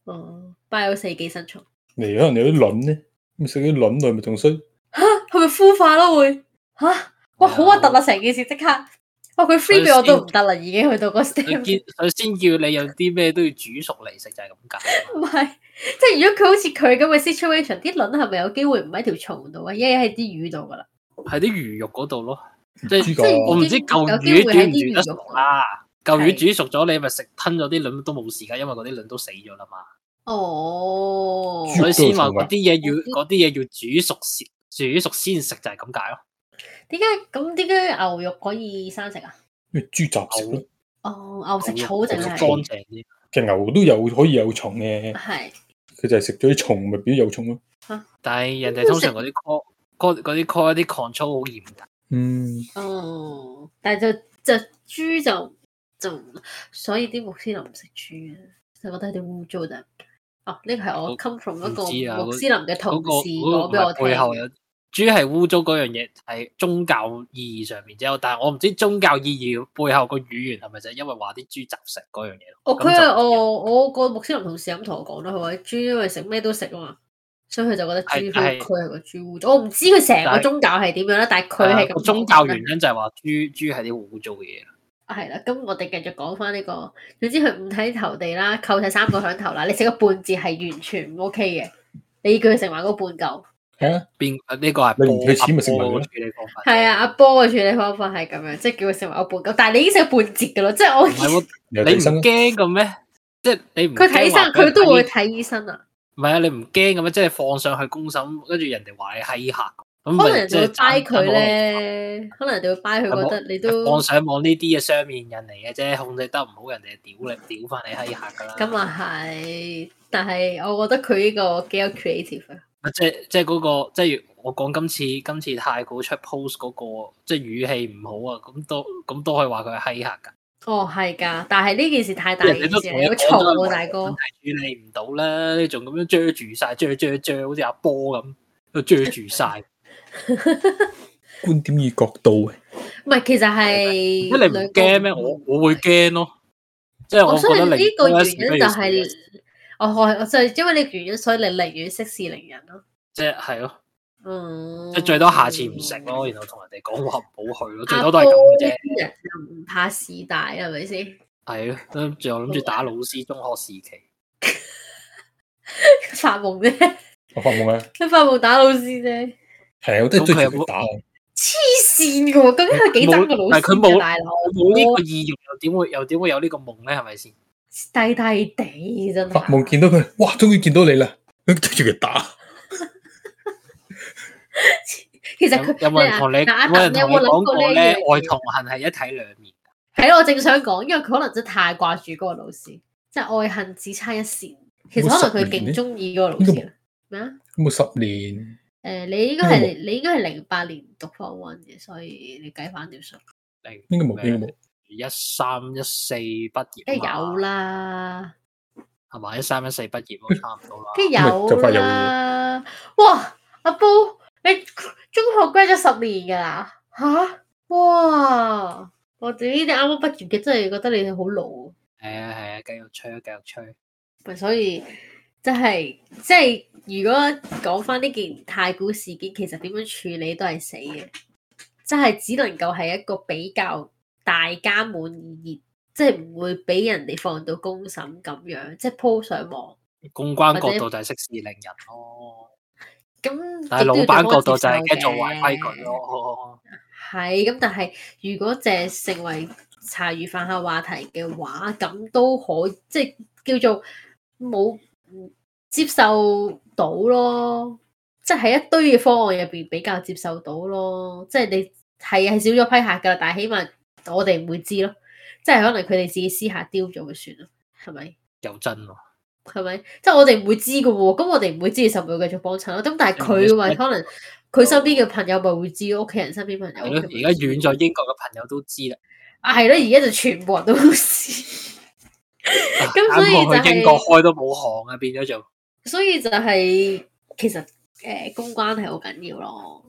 哦、嗯，八有四寄生蟲，你可能有啲卵咧，咁食啲卵類不，咪咪仲衰？吓、啊，佢咪孵化咯會？吓，哇，好核突啊！成件事即刻。哇、哦！佢 free 俾我都唔得啦，已經去到嗰個 step 佢先，佢先叫你有啲咩都要煮熟嚟食就係咁解。唔 係，即係如果佢好似佢咁嘅 situation，啲卵係咪有機會唔喺條槽度啊？一係喺啲魚度噶啦。喺、啊、啲、啊、魚肉嗰度咯，即係我唔知舊魚係啲魚肉啊。舊魚煮熟咗，你咪食吞咗啲卵都冇事噶，因為嗰啲卵都死咗啦嘛。哦。所以先話嗰啲嘢要啲嘢要煮熟先煮熟先食就係咁解咯。點解咁點解牛肉可以生食啊？因為豬雜食草，哦牛食草淨啊，乾淨啲。其實牛都有可以有蟲嘅，係佢就係食咗啲蟲咪變咗有蟲咯。吓，但係人哋通常嗰啲 call call 嗰啲 call 一啲 control 好嚴格。嗯，哦，但係就就豬就就所以啲穆斯林唔食豬嘅。就覺得有啲污糟就。哦、啊，呢個係我 come from 我一個、啊、穆斯林嘅同事攞俾、那個那個那個、我聽。豬係污糟嗰樣嘢，係宗教意義上面之後，但係我唔知宗教意義背後個語言係咪就係因為話啲豬雜食嗰、okay, 樣嘢？哦，佢係我我個穆斯林同事咁同我講啦，佢話豬因為食咩都食啊嘛，所以佢就覺得豬係，佢係個豬污糟。我唔知佢成個宗教係點樣啦，但係佢係宗教原因就係話豬豬係啲污糟嘅嘢啦。係、啊、啦，咁我哋繼續講翻呢個，總之佢五體投地啦，扣晒三個響頭啦，你食個半截係完全唔 OK 嘅，你叫佢食埋嗰半嚿。係啊邊、這、呢個係你唔退錢咪成為咗處理方法、啊？係啊，阿波嘅處理方法係咁樣，即係叫佢成為歐半。狗。但係你已經成半截噶咯，即係我。你唔驚噶咩？即係你唔佢睇醫生，佢都會睇醫生啊。唔係啊，你唔驚咁樣，即係放上去公審，跟住人哋話你欺客，可能人哋會 buy 佢咧，可能人哋會 buy 佢，覺得你都。放上網呢啲嘅雙面人嚟嘅啫，控制得唔好人哋屌、嗯、你，屌翻你欺客噶啦。咁啊係，但係我覺得佢呢個幾有 creative 啊。即係即係嗰、那個，即係我講今次今次太古出 post 嗰、那個，即係語氣唔好啊！咁都咁都可以話佢係欺客噶。哦，係噶，但係呢件事太大件事，好嘈啊，大哥。處理唔到啦，你仲咁樣遮住晒，遮遮遮，好似阿波咁，都遮住晒。 觀點與角度。唔係，其實係。你唔驚咩？我我會驚咯，即係我覺得呢、哦、個原因就係、是。哦，我就係因為你個原因，所以你寧願息事寧人咯。即係係咯，即係、嗯、最多下次唔食咯，然後同人哋講話唔好去咯。最多都係咁啫。又唔怕事大，係咪先？係咯，仲有諗住打老師，中學時期 發夢啫 。我發夢啊！你 發夢打老師啫。係啊，我真係最中意打。黐線噶，究竟佢幾憎個老師冇大佬？冇呢個意欲，又點會又點會有個夢呢個夢咧？係咪先？帶帶地地地真。發夢見到佢，哇！終於見到你啦，跟住佢打。其實佢有冇同你打打，有冇人同你，你講過咧？愛同恨係一體兩面。係咯，我正想講，因為佢可能真係太掛住嗰個老師，即係愛恨只差一線。其實可能佢勁中意嗰個老師。咩啊？冇十年。誒、呃，你應該係你應該係零八年讀 form one 嘅，所以你計翻條數。零應該冇，應該冇。一三一四畢業，梗有啦，係嘛，一三一四畢業都差唔多啦，梗係有啦。哇，阿波你中學 graduate 咗十年噶啦，吓、啊、哇！我哋呢啲啱啱畢業嘅真係覺得你好老啊。係啊，係啊，繼續吹啊繼續吹。咪所以真即係即係，如果講翻呢件太古事件，其實點樣處理都係死嘅，即係只能夠係一個比較。大家滿意，即係唔會俾人哋放到公審咁樣，即係 po 上網。公關角度就係息事寧人咯。咁，但係老闆角度就係繼續玩規矩咯。係咁，但係如果淨係成為茶餘飯後話題嘅話，咁都可即係、就是、叫做冇接受到咯。即係喺一堆嘅方案入邊比較接受到咯。即、就、係、是、你係係少咗批客噶，但係起碼。我哋唔會知咯，即係可能佢哋自己私下丟咗，咪算咯，係咪？又真喎，係咪？即係我哋唔會知噶喎、啊，咁我哋唔會知，就唔會繼續幫襯咯。咁但係佢話可能佢身邊嘅朋友咪會知咯，屋企人身邊朋友。而家遠在英國嘅朋友都知啦。啊，係咯，而家就全部人都知。咁 所以就係啊、英國開都冇行啊，變咗就。所以就係、係、其實誒、呃、公關係好緊要咯。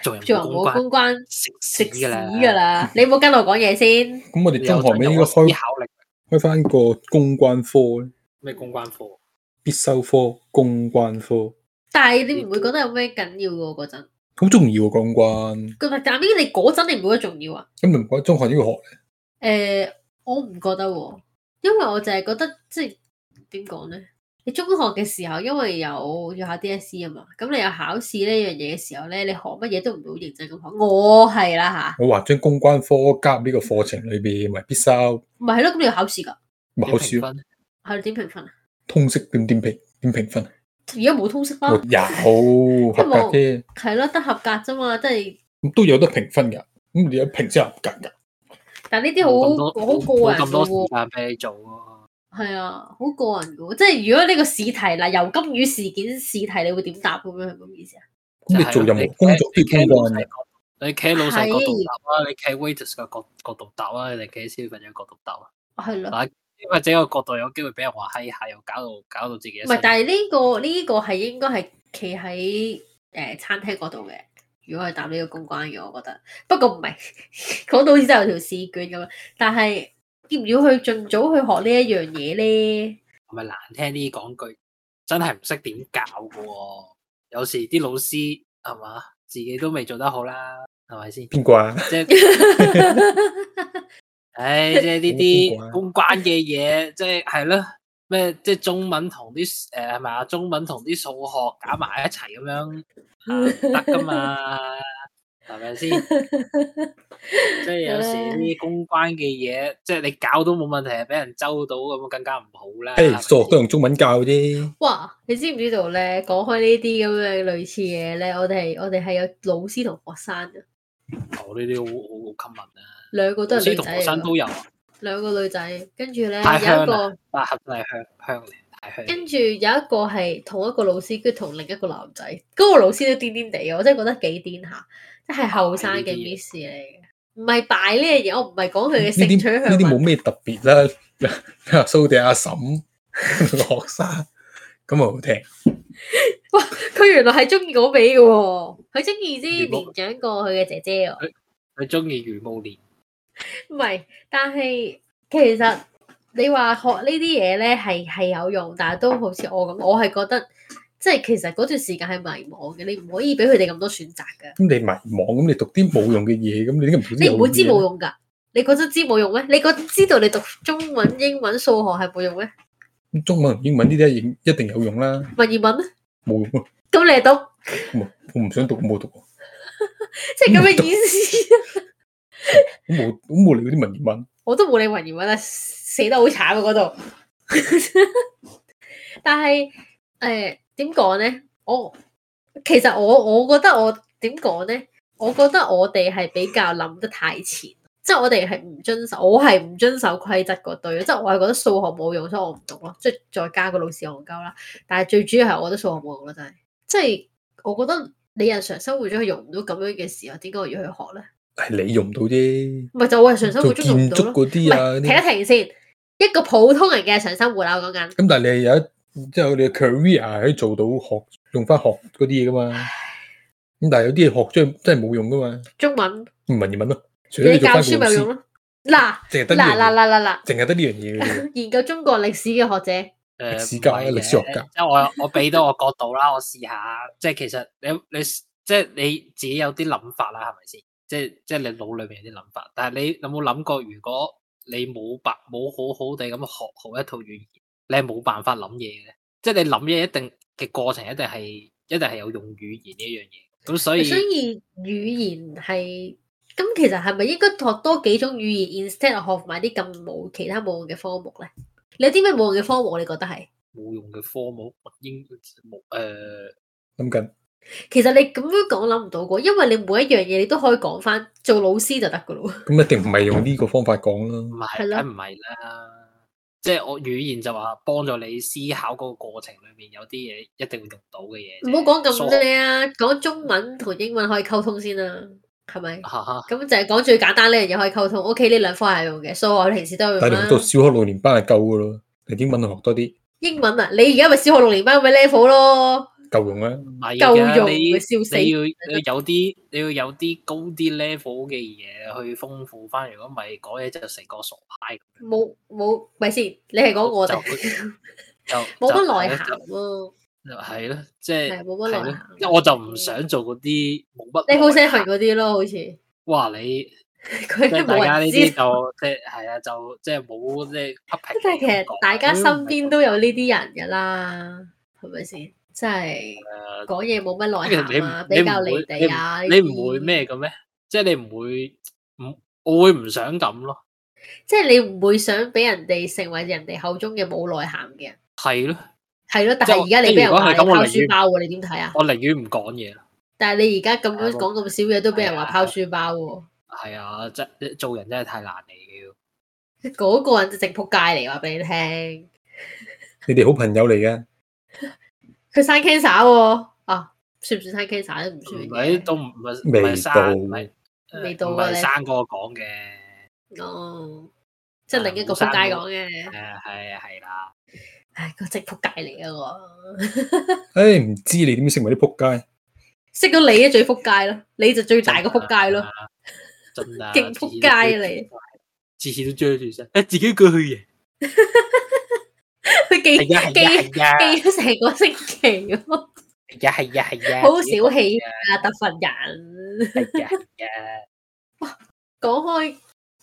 做人冇公，公關，食食屎噶啦！ 你唔好跟我講嘢先。咁我哋中學咪應該開開翻個公關科咩？公關科必修科，公關科。但係你唔會覺得有咩緊要嘅嗰陣？好重要喎，公、啊、關。咁但係邊你嗰陣你唔會覺得重要啊？咁你唔覺得中學應該學咧？誒、呃，我唔覺得、啊，因為我就係覺得即係點講咧。你中學嘅時候，因為有要考 DSE 啊嘛，咁你有考試呢樣嘢嘅時候咧，你學乜嘢都唔好認真咁學、哦啊，我係啦吓。我話將公關科加入呢個課程裏邊，咪必修。咪係咯，咁你要考試噶。咪考試分。係點評分？通識點點評點評分？如果冇通識啦。合 嗯、有，有合格啫。係咯，得合格啫嘛，即係。都有得評分噶，咁、嗯、你有評先合格噶。但呢啲好好個人事喎。冇咁多時間俾你做、啊係啊，好過人噶，即係如果呢個試題嗱，油甘魚事件試題你有，就是你，你會點答咁樣？係咁意思啊？咁你做任何工作都要公關嘅，你企喺老細度答，你企喺 waiter 嘅角角度答啊，你企喺消費者角度答啦，係因為整個角度有機會俾人話嗨下，又搞到搞到自己。唔係，但係呢、這個呢、這個係應該係企喺誒餐廳嗰度嘅，如果係答呢個公關嘅，我覺得。不過唔係講到好似真係有條試卷咁，但係。要唔要去盡早去學呢一樣嘢咧？係咪難聽啲講句，真係唔識點教噶？有時啲老師係嘛，自己都未做得好啦，係咪先？邊個啊？即係，唉、 哎，即係呢啲公關嘅嘢，即係係咯，咩即係中文同啲誒係嘛，中文同啲數學搞埋一齊咁樣，啊、得噶嘛？ 係咪先？即係有時啲公關嘅嘢，即係你搞都冇問題，係俾人捉到咁更加唔好啦。都用中文教啲。哇！你知唔知道咧？講開呢啲咁樣類似嘢咧，我哋我哋係有老師同學生噶。哦，呢啲好好好 common 啊！兩個都係女仔，老師同學生都有。啊。兩個女仔，跟住咧有一個百合係香香嚟。跟住有一個係同一個老師，跟住同另一個男仔，嗰個老師都癲癲地啊！我真係覺得幾癲下，一係後生嘅 Miss 嚟嘅，唔係敗呢樣嘢，我唔係講佢嘅性取向。呢啲冇咩特別啦，蘇地阿嬸學生咁好聽。哇！佢原來係中意嗰尾嘅，佢中意啲年長過佢嘅姐姐哦。佢中意余慕蓮，唔係，但係其實。你話學呢啲嘢咧，係係有用，但係都好似我咁，我係覺得即係其實嗰段時間係迷茫嘅，你唔可以俾佢哋咁多選擇噶。咁你迷茫，咁你讀啲冇用嘅嘢，咁你啲根本你唔會知冇用噶，你覺得知冇用咩？你覺知道你讀中文、英文、數學係冇用咩？中文、英文呢啲一定有用啦。文言文咧冇用啊！咁你嚟讀？我唔想讀， 讀，冇 讀。 即係咁嘅意思啊！冇，咁冇理嗰啲文言文。我都冇理文言文啊！死得好慘啊！嗰度， 但係誒，點講咧？我其實我我覺得我點講咧？我覺得我哋係比較諗得太前，即係我哋係唔遵守，我係唔遵守規則嗰堆。即係我係覺得數學冇用，所以我唔讀咯。即係再加個老師戇鳩啦。但係最主要係我覺得數學冇用咯，真係。即係我覺得你日常生活中係用唔到咁樣嘅時候，點解我要去學咧？係你用到啫，唔係就我日常生活中用唔到咯。唔係，停一停先。一個普通人嘅日常生活，啊，我講緊。咁但係你係有一，即係我哋 career 可以做到學用翻學嗰啲嘢噶嘛？咁但係有啲嘢學真係真係冇用噶嘛？中文唔係文言文咯，你教書咪用咯？嗱，嗱嗱嗱嗱嗱，淨係得呢樣嘢。研究中國歷史嘅學者，呃，歷史家、歷史學家。即係我我俾到我角度啦，我試下， 即係其實你你即係你自己有啲諗法啦，係咪先？即係即係你腦裏邊有啲諗法，但係你有冇諗過如果？你冇白冇好好地咁學好一套語言，你係冇辦法諗嘢嘅。即係你諗嘢一定嘅過程，一定係一定係有用語言呢樣嘢。咁所以所以語言係咁，其實係咪應該學多幾種語言，instead 學埋啲咁冇其他冇用嘅科目咧？你有啲咩冇用嘅科目？你覺得係冇用嘅科目？應該冇誒，諗、呃、緊。其實你咁樣講諗唔到個，因為你每一樣嘢，你都可以講翻，做老師就得噶咯。咁一定唔係用呢個方法講啦，係咯，唔係啦，即係我語言就話幫助你思考嗰個過程裏面有啲嘢，一定會讀到嘅嘢。唔好講咁多你啊，講中文同英文可以溝通先啦，係咪？咁就係講最簡單呢樣嘢可以溝通。OK，呢兩科係用嘅，所以我平時都用。但係我讀小學六年班係夠噶咯，係英文學多啲。英文啊，你而家咪小學六年班咪 level 咯。夠用咩？唔係，夠用，你會笑死，你要有啲你要有啲高啲 level 嘅嘢去豐富翻。如果唔係嗰嘢真係成個傻派。冇冇，咪先？你係講我、， 就是、我就冇乜內涵咯。就係咯，即係冇乜內涵。即我就唔想做嗰啲冇乜。你好聲行嗰啲咯，好似。哇！你，佢 係大家呢啲就即係啊，就即係冇即係批評。但係 其實大家身邊都有呢啲人噶啦，係咪先？即係講嘢冇乜內涵，比較離地啊！你唔會咩嘅咩？即係你唔會唔，我會唔想咁咯。即係你唔會想俾人哋成為人哋口中嘅冇內涵嘅人。係咯，係咯。但係而家你俾人話拋書包喎，你點睇啊？我寧願唔講嘢。但係你而家咁樣講咁少嘢，都俾人話拋書包喎。係啊，即係做人真係太難嚟嘅。嗰個人正仆街嚟，話俾你聽。你哋好朋友嚟嘅。佢生 cancer 喎啊，算唔算生 cancer 咧？唔算，唔係都唔係，未生，唔係未到啊！生哥講嘅。哦，即係另一個仆街講嘅，係啊係啦，唉，個真仆街嚟嘅喎。唉，唔知你點識埋啲仆街，識到你咧最仆街咯，你就最大個仆街咯，真啊，勁仆街啊你，次次都追住身，誒自己過去嘢。佢記記記咗成個星期咯，係呀係呀係呀，好小氣啊！特訓人，係呀係呀。哇，講開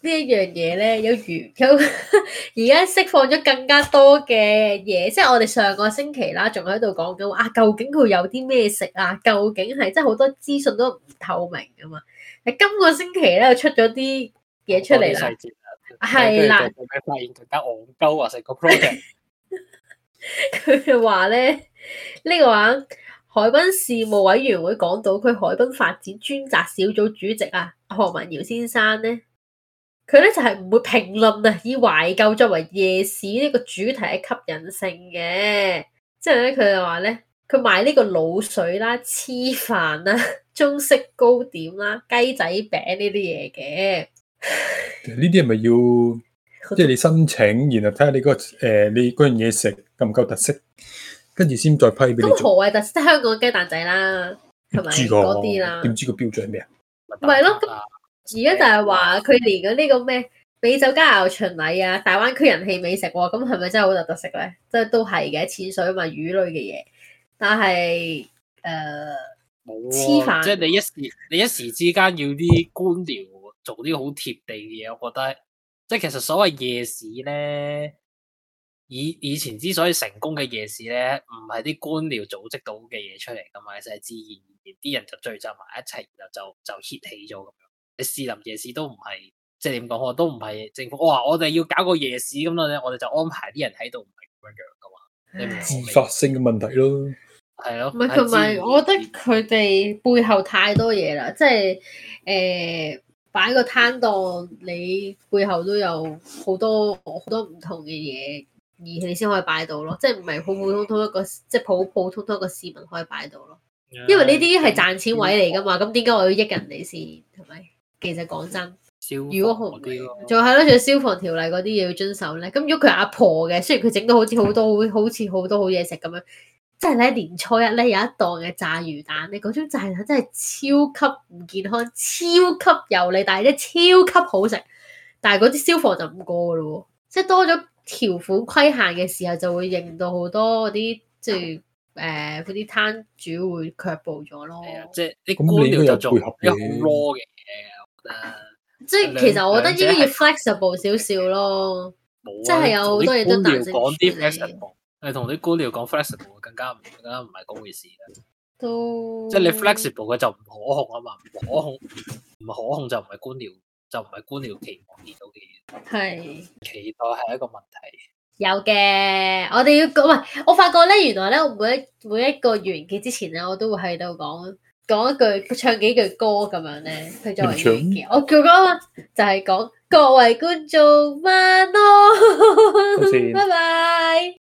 呢一樣嘢咧，有如有而家釋放咗更加多嘅嘢，即係我哋上個星期啦，仲喺度講緊啊，究竟佢有啲咩食啊？究竟係即係好多資訊都唔透明噶嘛？誒，今個星期咧，又出咗啲嘢出嚟啦，係啦，發現更加戇鳩啊！成個 project。佢就話咧呢、這個話，海濱事務委員會，講到佢海濱發展專責小組主席啊何文堯先生咧，佢咧就係、是、唔會評論啊，以懷舊作為夜市呢個主題嘅吸引性嘅。即係咧佢就話咧佢賣呢買個滷水啦、啊、黐飯啦、中式糕點啦、啊、雞仔餅呢啲嘢嘅，呢啲係咪要？即係你申請，然後睇下你嗰個誒，你嗰樣嘢食夠唔夠特色，跟住先再批給你。咁何謂特色？香港雞蛋仔啦，係咪、啊？嗰啲啦，點知個標準係咩啊？唔係咯，咁而家就係話佢連嗰啲咁咩美酒佳肴巡禮啊，大灣區人氣美食喎，咁係咪真係好有特色咧？即係都係嘅，淺水嘛，魚類嘅嘢，但係誒，黐、呃啊、飯。即係你一時，你一時之間要啲官僚做啲好貼地嘅嘢，我覺得。即係其實所謂夜市咧，以以前之所以成功嘅夜市咧，唔係啲官僚組織到嘅嘢出嚟噶嘛，係、就係、自然而然啲人就聚集埋一齊，然後就就 hit 起咗咁樣。你士林夜市都唔係，即係點講？我都唔係政府我話我哋要搞個夜市咁樣咧，我哋就安排啲人喺度，唔係咁樣樣噶嘛。 你唔自發性嘅問題咯，係 咯，唔係同埋我覺得佢哋背後太多嘢啦，即係誒。呃擺個攤檔，你背後都有好多好多唔同嘅嘢，而你先可以擺到咯，即係唔係普普通通一個、嗯、即係普普通通一個市民可以擺到咯、嗯。因為呢啲係賺錢位嚟噶嘛，咁點解我要益人哋先？係咪？其實講真，如果好，仲係咯，仲有消防條例嗰啲嘢要遵守咧。咁如果佢阿婆嘅，雖然佢整到好似好多好好似好多好嘢食咁樣。即係咧，年初一咧有一檔嘅炸魚蛋，你嗰種炸魚蛋真係超級唔健康，超級油膩，但係咧超級好食。但係嗰啲消防就唔過嘅咯，即係多咗條款規限嘅時候就認很，就會令到好多嗰啲即係誒啲攤主會卻步咗咯。你即係啲官僚就最合嘅，有好多即係其實我覺得應該要 flexible 少少咯，即係有好多嘢都達成。係同啲官僚講 flexible 更加更加唔係嗰回事嘅，即係你 flexible 嘅就唔可控啊嘛，唔可控，唔可控就唔係官僚，就唔係官僚期望到嘅嘢。係期待係一個問題。有嘅，我哋要講喂，我發覺咧，原來咧，我每一，每一個完結之前咧，我都會喺度講講一句唱幾句歌咁樣咧，去作為完結。我叫歌就係講，各位觀眾晚安，拜拜。